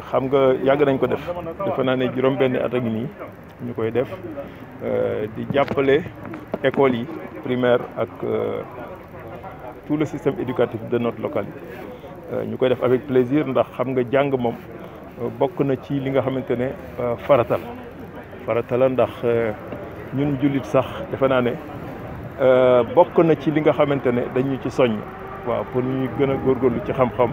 xam nga yàgg nañ ko def defe naa ne juróom-benn at a ngi nii ñu koy def euh, di jàppale école yi primaire ak euh, tout le système éducatif de notre localité euh, ñu koy def avec plaisir ndax xam nga jàng moom bokk na ci li nga xamante ne farata la farata la ndax ñun jullit sax defe naa ne bokk na ci li nga xamante ne dañu ci soññ waaw pour ñuy gën a góorgóorlu ci xam-xam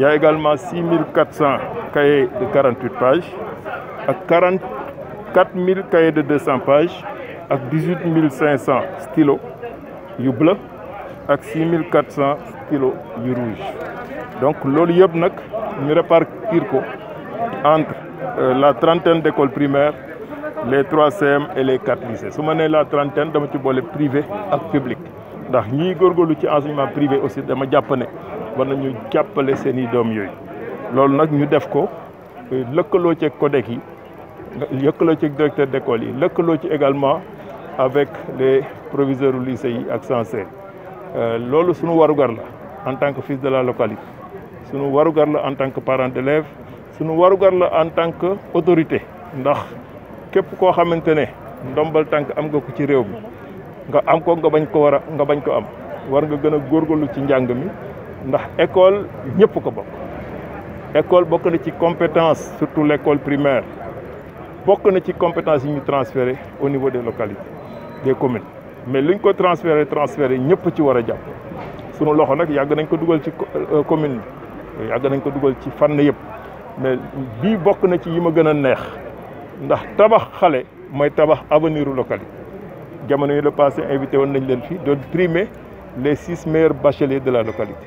Il y a également 6400 cahiers de 48 pages, avec cahiers de 200 pages, avec 18 500 stylos yu bleu, avec 6 400 stylos yu rouge. Donc, ce yeb nak, nous entre euh, la trentaine d'écoles primaires, les 3 CM et les 4 lycées. Si je la trentaine, je privées privé et public. Parce que nous avons enseignement privé aussi, je les japonais mieux nous avons seen de mieux, nous ñu def ko fait ci CODEC yi également avec les proviseurs du lycée yi Nous euh, en tant que fils de la localité nous warugar en tant que parent d'élèves, nous suñu en tant que autorité ndax qu'est-ce qu'on am nga ko ci nous nous nga am ko nga bañ ko Nous nous bañ ndax école ñëpp ko bokk école bokk na ci compétence surtout l' école primaire bokk na ci compétence yi ñu transféré au niveau des localités des communes mais li ko transféré transféré ñëpp ci war a jàpp sunu loxo nag yàgg nañ ko dugal ci euh, commune bi yàgg nañ ko dugal ci fànn yëpp mais bii bokk na ci yi ma gën a neex ndax tabax xale mooy tabax avenir localité jamono yi le passé invité woon nañ leen fi doon primé les six meilleurs bacheliers de la localité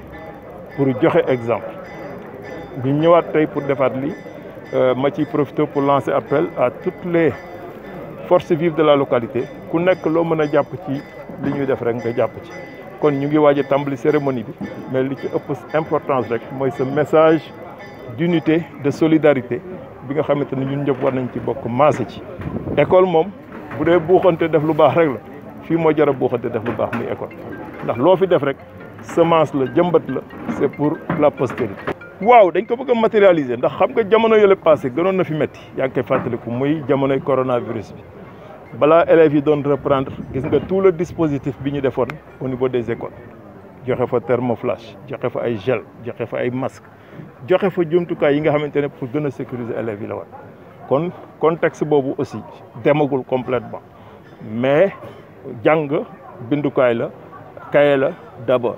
pour joxe exemple ñu ñëwaat pour defaat li euh, ma ciy profité pour lancer appel à toutes les forces vives de la localité ku nekk loo mën a jàpp ci li ñuy def rek nga jàpp ci kon ñu ngi waaj a cérémonie bi mais li ci ëpp importance rek mooy ce message d'unité de solidarité bi nga xamante ne ñun ñëpp war nañ ci bokk maase ci école mom, vous dee beaucoup def lu baax rek la moi moo beaucoup a buuxante def lu baax muy école ndax loo fi def rek semence la jëmbat la c'est pour la postérité. waaw dañ ko bëgg a matérialiser ndax xam nga jamono yële passé gënoon na fi metti yaa ngi koy fàttaliku muy jamonoy coronavirus bi balaa élèves yi doon reprendre gis nga tout le dispositif bi ñu defoon au niveau des écoles joxe fa thermoflash joxe fa ay gel joxe fa ay masque joxe fa jumtukaay yi nga xamante ne pour gën a sécuriser élèves yi la war kon contexte boobu aussi demagul complètement mais jàng bindukaay la kaye la d'abord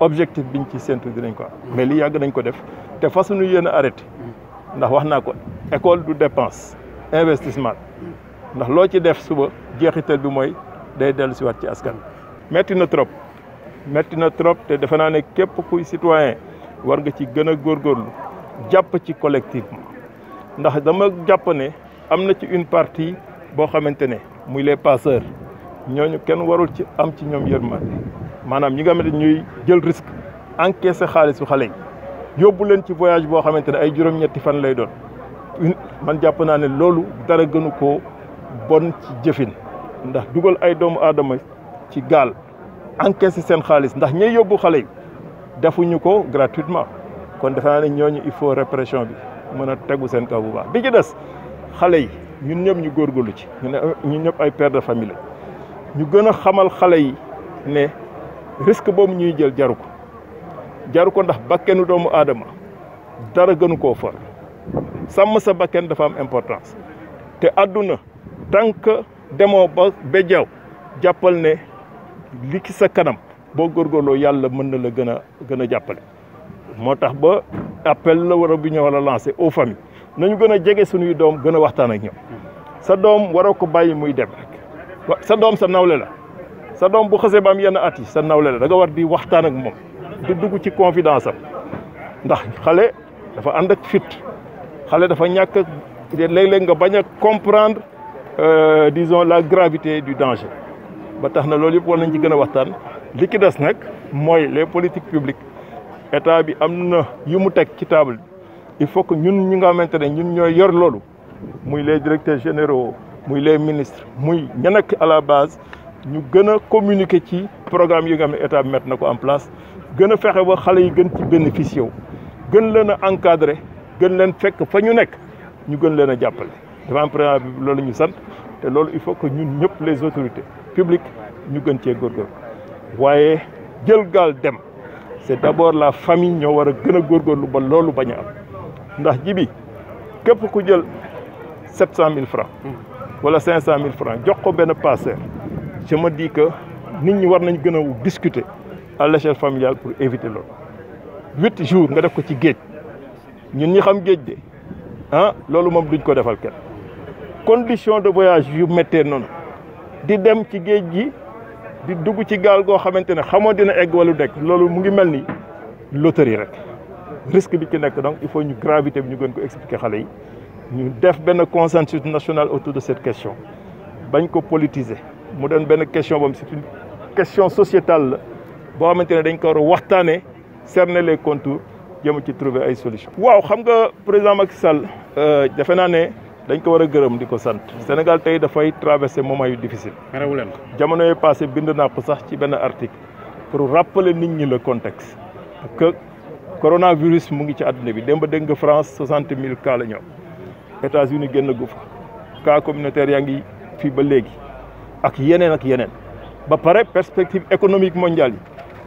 objectif biñ ci séntu dinañ ko am mais li yàgg nañ ko def te fasuñu yéen a arrêté ndax wax naa ko école du dépense investissement ndax loo ci def suba jeexital bi mooy day dellu si waat ci askan metti na trop metti na trop te defe naa ne képp kuy citoyen war nga ci gën a góorlu jàpp ci collectivement ndax dama jàpp ne am na ci une partie boo xamante ne muy les passeurs ñooñu kenn warul ci am ci ñoom yërmande maanaam ñi nga xamante ñuy jël risque encaisser xaalisu xale yi yóbbu leen ci voyage boo xamante ne ay juróom-ñetti fan lay doon man jàpp naa ne loolu dara gënu ko bon ci jëfin ndax dugal ay doomu aadama ci gaal encaisser seen xaalis ndax ñay yóbbu xale yi defuñu ko gratuitement kon defe naa ne ñooñu il faut répression bi mën a tegu seen kaw bu baax bi ci des xale yi ñun ñëpp ñu góorgóorlu ci ñu ne ñun ñëpp ay père de famille ñu gën a xamal xale yi ne risque boobu ñuy jël jaru ko jaru ko ndax bakkenu doomu aadama dara gënu koo for sàmm sa bakken dafa am importance te àdduna tànk demoo ba bejaw jàppal ne li ki sa kanam boo góorgóorloo yàlla mën na la gën a gën a jàppale moo tax ba appel la war bu ñu war a lancé aux familles nañu gën a jege suñuy doom gën a waxtaan ak ñoom sa doom waroo ko bàyyi muy dem rek sa doom sa nawle la sa doom bu xësee ba am yenn at yi sa nawle la da nga war di waxtaan ak moom di dugg ci confidence am ndax xale dafa ànd ak fit xale dafa ñàkk a léeg-léeg nga bañ a comprendre euh, disons la gravité du danger ba tax na loolu yëpp war nañ ci gën a waxtaan li ki des nag mooy les politiques publiques état bi am na yu mu teg ci table il faut que ñun ñi nga xamante ne ñun ñooy yor loolu muy les directeurs généraux muy les ministres muy ña nekk à la base nous gëna communiquer ci programme yi nga en place Nous fexé yi gën ci encadrer nous leen fekk fa ñu Nous ñu gën jappalé Nous loolu ñu il faut que ñun ñëpp les autorités publiques ñu gën gor gor wayé c'est d'abord la famille ñoo wara a gor gor lu ba loolu baña am ndax képp ku francs mm. wala 500 000 francs jox ko passeur je me dis que nous devons discuter à l'échelle familiale pour éviter l'autre. huit jours nous devons ko ci Nous ñun ñi xam de ce ah, duñ condition de voyage yu mettez non. di dem ci géej gi di dugg ci gaal goo xamante ne xamoo egg wala devons loolu mu ngi mel rek risque bi ci il faut ñu gravité expliquer yi ñu consensus national autour de cette question bañ ko politiser mu dem benn question boobu c'est une question sociétale la boo xamante ne dañ ko war a waxtaanee cerner les contours jëm ci trouver ay solution waaw xam nga président Macky Sall euh, defe naa ne dañ ko war a gërëm di ko sant Sénégal tey dafay traverser moment yu difficile leen ko jamono yi passé bind naa ko sax ci benn article pour rappeler nit ñi le contexte que coronavirus mu ngi ci àdduna bi démb dégg nga France soixante mille cas la ñëw États-Unis génn gu fa cas communautaire yaa ngi fii ba léegi ak yeneen ak yeneen ba pare perspective économique mondiale yi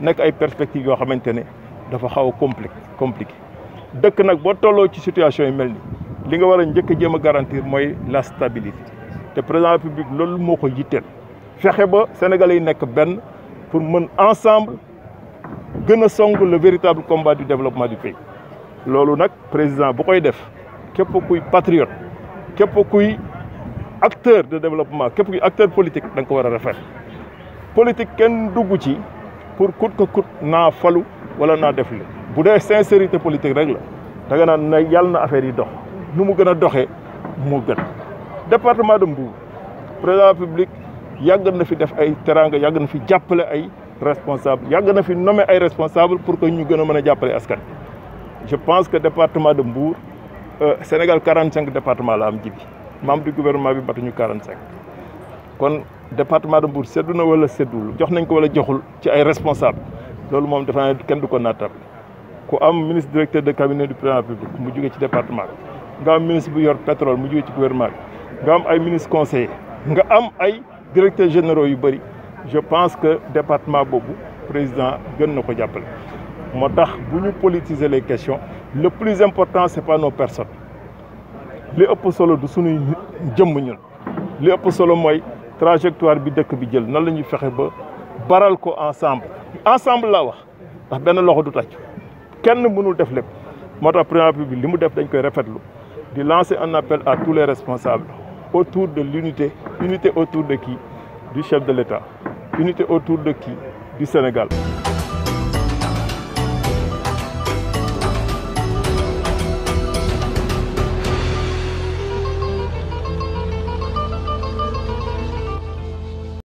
nekk ay perspectives yoo xamante ne dafa xaw a compliqué compliqué dëkk nag boo tolloo ci situation yu mel ni li nga war a njëkk a jéem a garantir mooy la stabilité te président de la République loolu moo ko yitteel fexe ba sénégalais yi nekk benn pour mën ensemble gën a song le véritable combat du développement du pays loolu nag président bu koy def képp kuy patriote képp kuy acteur de développement képp kuy acteur politique da ko war a refaire politique kenn dugg ci pour kut ko kut naa falu wala naa def li bu dee sincérité politique rek la da nga naan na yàlla na affaire yi dox nu mu gën a doxee mu gën département de Mbour président République yàgg na fi def ay teraanga yàgg na fi jàppale ay responsable yàgg na fi nome ay responsable pour que ñu gën a mën a jàppale askan je pense que département de Mbour euh, Sénégal 45 département la am jibi membre du gouvernement bi battu quarante 45. kon département de Mbour seddu na wala seddul jox nañ ko wala joxul ci ay responsable C'est moom dafa ne kenn ministre directeur de cabinet du président public mu jóge ci département nga am ministre du pétrole mu est ci gouvernement bi nga am ay ministre conseiller nga am ay directeurs généraux je pense que département le président gën na ko jàppale moo tax bu ñu politiser les questions le plus important c'est pas nos personnes li ëpp solo du suñuy les ñun li ëpp solo mooy trajectoire bi dëkk bi jël nan la ñuy fexe ba baral ko ensemble ensemble la wax ndax benn loxo du tàcc kenn mënul def lépp moo tax Premier République li mu def dañ koy rafetlu di lancer un appel à tous les responsables autour de l'unité unité autour de qui du chef de l'État unité autour de qui du Sénégal